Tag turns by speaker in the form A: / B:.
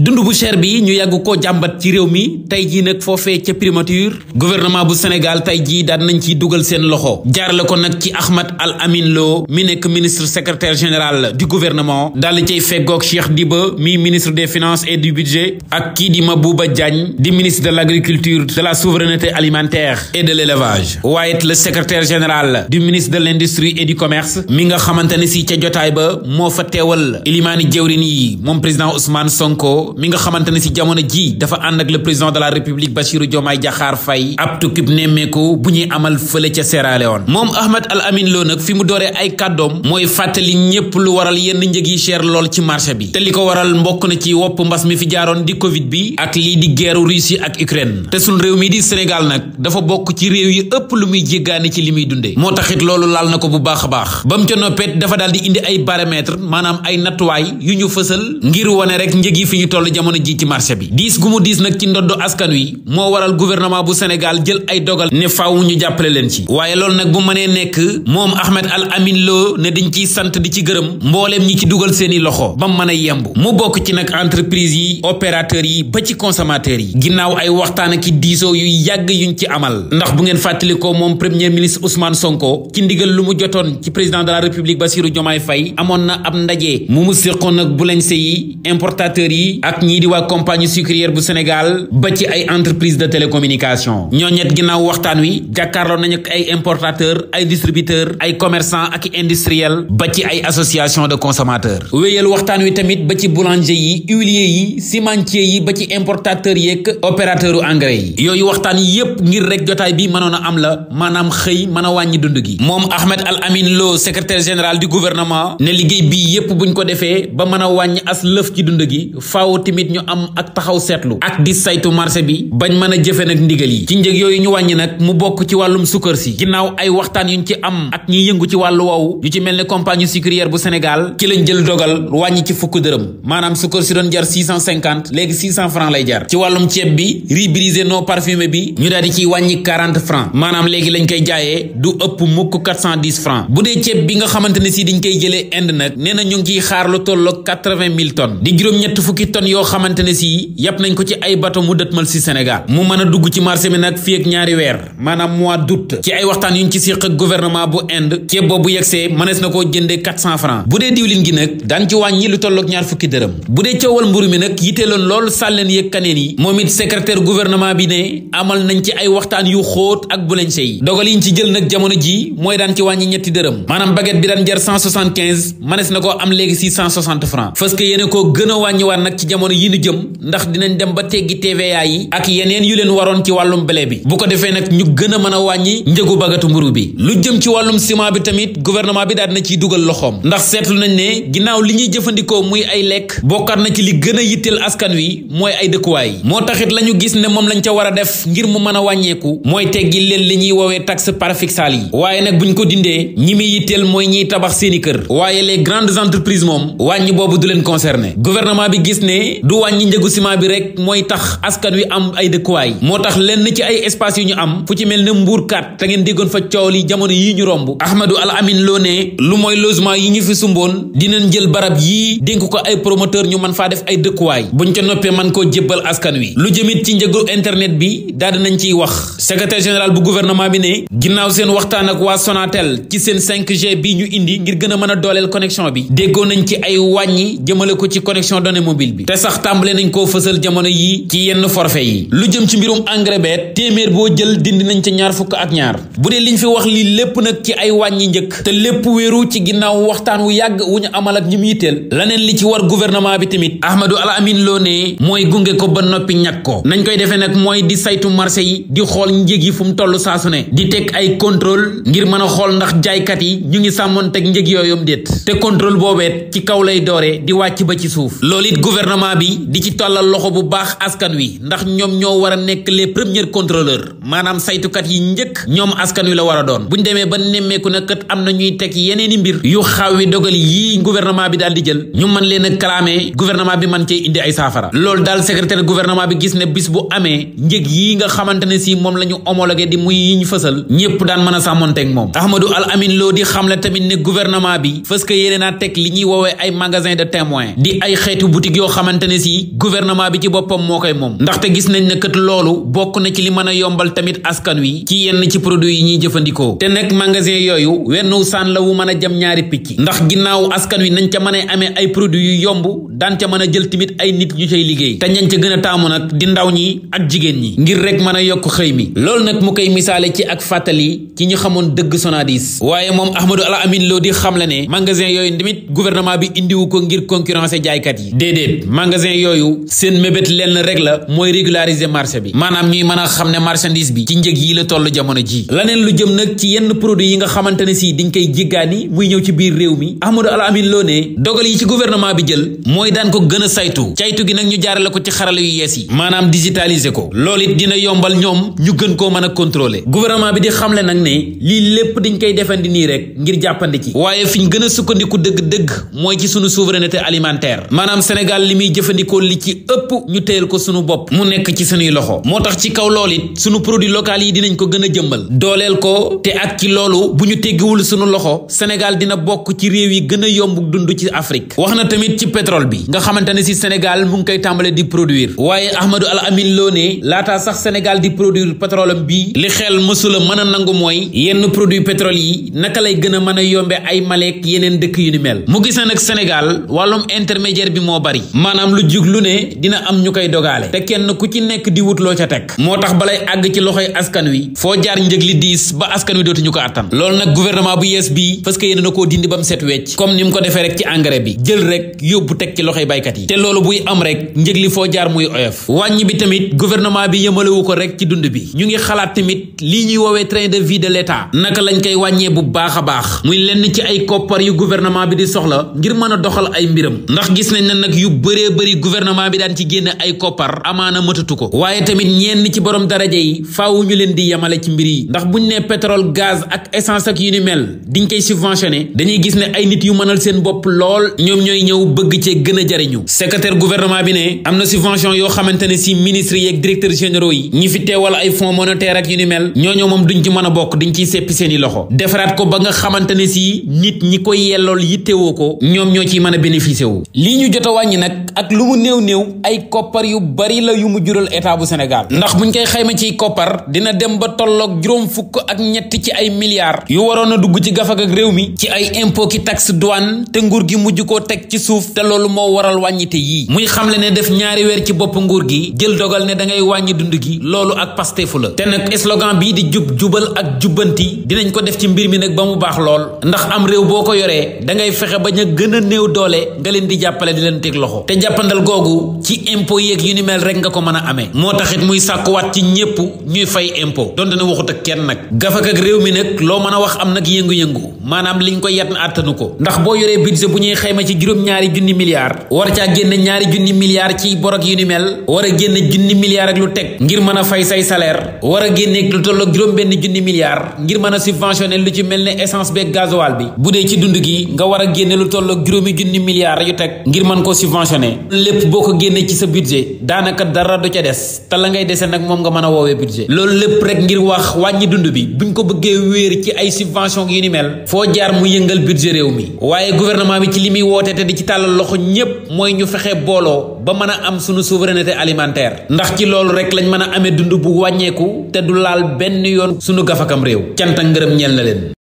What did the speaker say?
A: dund bu cher bi ñu yàgg koo jàmbat ci réew mi tey jii nag foofee ca primature gouvernement bu Sénégal tey jii daan nañ ciy dugal seen loxo jaarle ko nag ci Ahmed Al Amin Lo mi nekk ministre secrétaire général du gouvernement daal di cay feggoog di ba mi ministre des finances et du budget ak kii di ma Mabouba Diagne di ministre de l' agriculture de la souveraineté alimentaire et de l' élevage waaye it le secrétaire général du ministre de l' industrie et du commerce xamante ne si ca jotaay ba moo fa teewal ilimaani jëwrin yi moom président Ousmane Sonko. Sonko mi nga xamante ne si jamono ji dafa ànd ak le président de la république Bassirou Diomaye Diakhar Faye ab tukkib nemmeeku bu ñuy amal fële ca Sierra moom Ahmed Al Amin Lo nag fi mu dooree ay kàddoom mooy fàttali ñépp lu waral yenn njëg yi cher lool ci marché bi te li ko waral mbokk na ci wopp mbas mi fi jaaroon di Covid bi ak lii di guerre Russie ak Ukraine te suñ réew mi di Sénégal nag dafa bokk ci réew yi ëpp lu muy jéggaane ci li muy dunde moo taxit loolu laal na ko bu baax a ba mu ca toll jamono ji ci marché bi diis gu mu diis nag ci ndoddo askan wi moo waral gouvernement bu Sénégal jël ay dogal ne faaw ñu jàppale leen ci waaye loolu nag bu mënee nekk moom Ahmed Al Amin Lo ne dañ ciy sant di ci gërëm mbooleem ñi ci dugal seeni loxo ba mën yemb mu bokk ci nag entreprise yi opérateurs yi ba ci consommateurs yi ginnaaw ay waxtaan ak diisoo yu yàgg yuñ ci amal ndax bu ngeen fàttalikoo moom premier ministre Ousmane Sonko ci ndigal lu mu jotoon ci président de la république Bassirou Diomaye Faye amoon na ab ak ñii di waa compagnie sucrière bu Sénégal ba ci ay entreprise de télécommunication ñoo ginnaaw waxtaan wi jàkkaarloo nañu ak ay importateur ay distributeur ay commerçant ak industriel ba ci ay association de consommateur wéyal waxtaan wi tamit ba ci boulanger yi huilier yi cimentier yi ba ci importateur yeeg opérateur engrais yi yooyu waxtaan yi yépp ngir rek jotaay bi mënoon a am la maanaam xëy mën a wàññi dund gi moom Ahmed Al Amin loo secretaire général du gouvernement ne liggéey bii yépp buñ ko defee ba mën a wàññi as lëf ci dund gi faaw timit ñu am ak taxaw seetlu ak di saytu marché bi bañ mën jëfe nag ndigal yi ci njëg yooyu ñu wàññi nag mu bokk ci wàllum sukkar si ginnaaw ay waxtaan yu ñu ci am ak ñiy yëngu ci wàllu woowu yu ci mel ne compagnie sucrière bu Sénégal ci lañ jël dogal wàññi ci fukk dërëm maanaam sukkar si doon jar 650 léegi 600 francs lay jar ci wàllum ceeb bi riz brisé non parfumé bi ñu daal di ciy wàññi 40 francs maanaam léegi lañ koy jaayee du ëpp mukk 410 francs bu dee ceeb bi nga xamante ne si diñ koy jëlee Inde nag nee na ñu ngi ciy xaar lu tolloog 80 000 tonnes di juróom-ñett askan yoo xamante ne si yàpp nañ ko ci ay bato mu dëtmal si Sénégal mu mën a dugg ci marché bi nag fii ak ñaari weer maanaam mois d'août ci ay waxtaan yuñ ci séq ak gouvernement bu Inde ceeb boobu yegsee mënees na koo jëndee 400 francs bu dee diwlin gi nag daan ci wàññi lu tolloog ñaar fukki dërëm bu dee coowal mburu mi nag yiteeloon lool sàlleen yëg yi moom it secrétaire gouvernement bi ne amal nañ ci ay waxtaan yu xoot ak bu leen sey dogal yiñ ci jël jamono ji mooy daan ci wàññi ñetti dërëm maanaam baguette bi daan jar 175 mënees na koo am léegi si 160 ci jamono yi nu jëm ndax dinañ dem ba teggi TVA yi ak yeneen yu leen waroon ci wàllum blé bi bu ko defee nag ñu gën a mën a wàññi njëgu bagatu mburu bi lu jëm ci wàllum ciment bi tamit gouvernement bi daal dina ciy dugal loxoom ndax seetlu nañ ne ginnaaw li ñuy jëfandikoo muy ay lekk bokkaat na ci li gën a yitteel askan wi mooy ay dëkkuwaay moo taxit la ñu gis ne moom lañ ca war a def ngir mu mën a wàññeeku mooy teggi leen li ñuy woowee taxe parafiscale yi waaye nag buñ ko dindee ñi muy yitteel mooy ñiy tabax seeni kër waaye les grandes entreprises moom wàññi boobu du leen concerné ne du wàññi njëgu ciment bi rek mooy tax askan wi am ay dëkkuwaay moo tax lenn ci ay espace yu ñu am fu ci mel ne mbuurkat te ngeen déggoon fa coow li jamono yii ñu romb Ahmadou Al Amin loo ne lu mooy logement yi ñu fi sumboon dina jël barab yii dénk ko ay promoteur ñu man faa def ay dëkkuwaay buñ ca noppee man koo jébbal askan wi lu jëmit ci njëgu internet bi daal dinañ ciy wax secrétaire général bu gouvernement bi ne ginnaaw seen waxtaan ak waa Sonatel ci seen 5G bi ñu indi ngir gën a mën a dooleel connexion bi déggoo nañ ci ay wàññi jëmale ko ci connexion données mobile bi te sax tàmbale nañ koo fësal jamono yi ci yenn forfait yi lu jëm ci mbirum engrais beet téeméer boo jël dindi nañ ca ñaar fukk ak ñaar bu dee liñ fi wax lii lépp nag ci ay wàññi njëkk te lépp wéeru ci ginnaaw waxtaan wu yàgg wu ñu amal ak ñi mu yitteel laneen li ci war gouvernement bi tamit Ahmadou Al Amine Lo ne mooy gunge ko ba noppi ñàkk ko nañ koy defee nag mooy di saytu marché yi di xool njëg yi fu mu toll saa su ne di teg ay contrôle ngir mën a xool ndax jaaykat yi ñu ngi sàmmoon teg njëg yooyum déet te ci kaw gouvernement bi di ci tàllal loxo bu baax askan wi ndax ñoom ñoo war a nekk les premiers contrôleurs maanaam saytukat yi njëkk ñoom askan wi la war a doon buñ demee ba nemmeeku na kat am na ñuy teg yeneeni mbir yu xawwi dogal yi gouvernement bi daal di jël ñu man leen a clamé gouvernement bi man cee indi ay saafara loolu daal secrétaire gouvernement bi gis ne bis bu amee njëg yi nga xamante ne si moom la ñu homologué di muy yi ñu fësal ñépp daan mën a sàmmonteeg moom Ahmadou Al Amin Lo di xamle tamit ne gouvernement bi fës ka yéene li ñuy woowee ay magasin de témoin xamante ne si gouvernement bi ci boppam moo koy moom ndaxte gis nañ ne kët loolu bokk na ci li mën a yombal tamit askan wi ci yenn ci produit yi ñuy jëfandikoo te nekk magasin yooyu wenn saan la wu mën a jam ñaari picc ndax ginnaaw askan wi nañ ca mën a amee ay produit yu yomb daan ca mën a jël tamit ay nit ñu cay liggéey te ñañ ca gën a taamu nag di ndaw ñi ak jigéen ñi ngir rek mën a yokk xëy mi loolu nag mu koy misaale ci ak fàttali ci ñu xamoon dëgg Sonadis waaye moom Ahmadou Al Amin di xam ne magasin yooyu tamit gouvernement bi indiwu ko ngir concurrencer jaaykat yi déedéet magasin yooyu seen mébét lenn rek la mooy régulariser marché bi maanaam ñuy mën a xam ne marchandise bi ci njëg yi la toll jamono ji laneen lu jëm nag ci yenn produit yi nga xamante ne si diñ koy jiggaani muy ñëw ci biir réew mi Amadou Al Amine Lo ne dogal yi ci guvernement bi jël mooy daan ko gën a saytu caytu gi nag ñu jaarale ko ci xarala yu yees yi maanaam digitaliser ko loolu it dina yombal ñoom ñu gën koo mën a contrôler gouvernement bi di xamle nag ne lii lépp dañ koy defandi nii rek ngir jàppandi ci waaye fi ñu gën a sukkandiku dëgg-dëgg mooy ci sunu souveraineté alimentaire muy jëfandikoo li ci ëpp ñu téyel ko sunu bopp mu nekk ci sunuy loxo moo tax ci kaw lool it sunu produit local yi dinañ ko gën a jëmmal dooleel ko te ak ci loolu bu ñu teggiwul sunu loxo Sénégal dina bokk ci réew yi gën a yomb dund ci Afrique wax na tamit ci pétrole bi nga xamante ne si Sénégal mu ngi koy tàmbale di produire waaye Ahmadou Al Amin Lo ne laataa sax Sénégal di produire pétrole bi li xel mësula mën a nangu mooy yenn produit pétrole yi naka lay gën a mën a yombe ay maleek yeneen dëkk yu maanaam lu jug lu ne dina am ñu koy dogaale te kenn ku ci nekk di wut loo ca teg moo tax balay àgg ci loxoy askan wi foo jaar njëg li diis ba askan wi dootuñu ko àttan loolu nag gouvernement bu yees bi parce que yéen na koo dindi ba mu set wecc comme ni mu ko defee rek ci engrais bi jël rek yóbbu teg ci loxoy baykat yi te loolu buy am rek njëg li foo jaar muy oyof wàññi bi tamit gouvernement bi yëmalewu ko rek ci dund bi ñu ngi xalaat tamit lii ñuy woowee train de vie de l'état naka lañ koy wàññee bu baax a baax muy lenn ci ay koppar yu gouvernement bi di soxla ngir mën a doxal ay mbiram bëree bëri gouvernement bi daan ci génn ay koppar amaana matatu ko waaye tamit ñenn ci borom daraja yi faaw ñu leen di yamale ci mbir yi ndax buñ ne pétrole gaz ak essence ak yu ni mel diñ koy subventionné dañuy gis ne ay nit yu mënal seen bopp lool ñoom ñooy ñëw bëgg cee gën a jariñu secrétaire gouvernement bi am na subvention yoo xamante ne si ministre yeeg directeur yi ñi fi teewal ay fonds monétaire ak yu ni mel ñooñoo moom duñ ci mën a bokk dañ ciy seppi seeni loxo defaraat ko ba nga xamante ne si nit ñi koy yellool yittewoo ko ñoom ñoo ciy mën a bénéficié wu lii ñu jot a wàññi nag ak lu mu néew néew ay koppar yu bari la yu mu jural état bu Sénégal ndax buñ koy xayma ciy koppar dina dem ba tolloog juróom fukk ak ñett ci ay milliards yu waroon a dugg ci gafak ak réew mi ci ay impo ki taxe douane te nguur gi mujj koo teg ci suuf te loolu moo waral wàññite yii muy xamle ne def ñaari weer ci bopp nguur gi jël dogal ne dangay wàññi dund gi loolu ak pastefu la te nag slogan bii di jub jubal ak jubbanti dinañ ko def ci mbir mi nag ba mu baax lool ndax am réew boo ko yoree dangay fexe ba ña gën a néew doole nga leen di jàppale di leen teg jàppandal googu ci impôt yeeg yu ni rek nga ko mën a amee moo taxit muy sàkkuwaat ci ñépp ñuy fay impôt donte ne waxut ak kenn nag gafak ak mi nag loo mën a wax am nag yëngu-yëngu maanaam liñ koy yat na àttanu ko ndax boo yoree budget bu ñuy xayma ci juróom-ñaari junni milliards war caa génn ñaari junni milliards ci borog yu ni war a génn junni milliards ak lu teg ngir mën a fay say salaire war a génne juróom-benn junni milliards ngir mën a subventionné lu ci mel ne essence beeg gasoil bi bu dee ci dund gi nga war a génne lu toll ak juróomi junni milliards yu teg ngir mën ko subventionné ne lépp boo ko génnee ci sa budget daanaka dara du ca des te la ngay dese nag moom nga mën a woowee budget loolu lépp rek ngir wax wàññi dund bi buñ ko bëggee wéer ci ay subvention yu ni mel foo jaar mu yëngal budget réew mi waaye gouvernement bi ci li muy wootee te di ci tàllal loxo ñépp mooy ñu fexe booloo ba mën a am sunu souveraineté alimentaire ndax ci loolu rek lañ mën a amee dund bu wàññeeku te du laal benn yoon sunu gafakam réew cant ak ngërëm leen